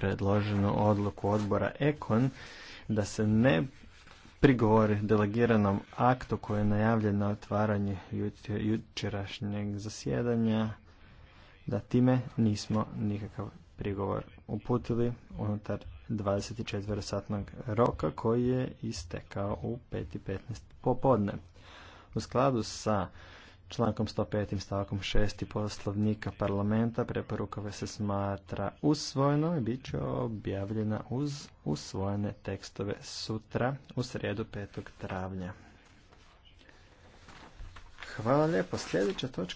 predloženu odluku odbora Ekon da se ne prigovori delegiranom aktu koji je najavljen na otvaranje jučerašnjeg zasjedanja da time nismo nikakav prigovor uputili unutar 24-satnog roka koji je istekao u 5.15 popodne. U skladu sa člankom 105. stavkom 6. poslovnika parlamenta preporuka se smatra usvojeno i bit će objavljena uz usvojene tekstove sutra u srijedu 5. travnja. Hvala lijepo. Sljedeća točka.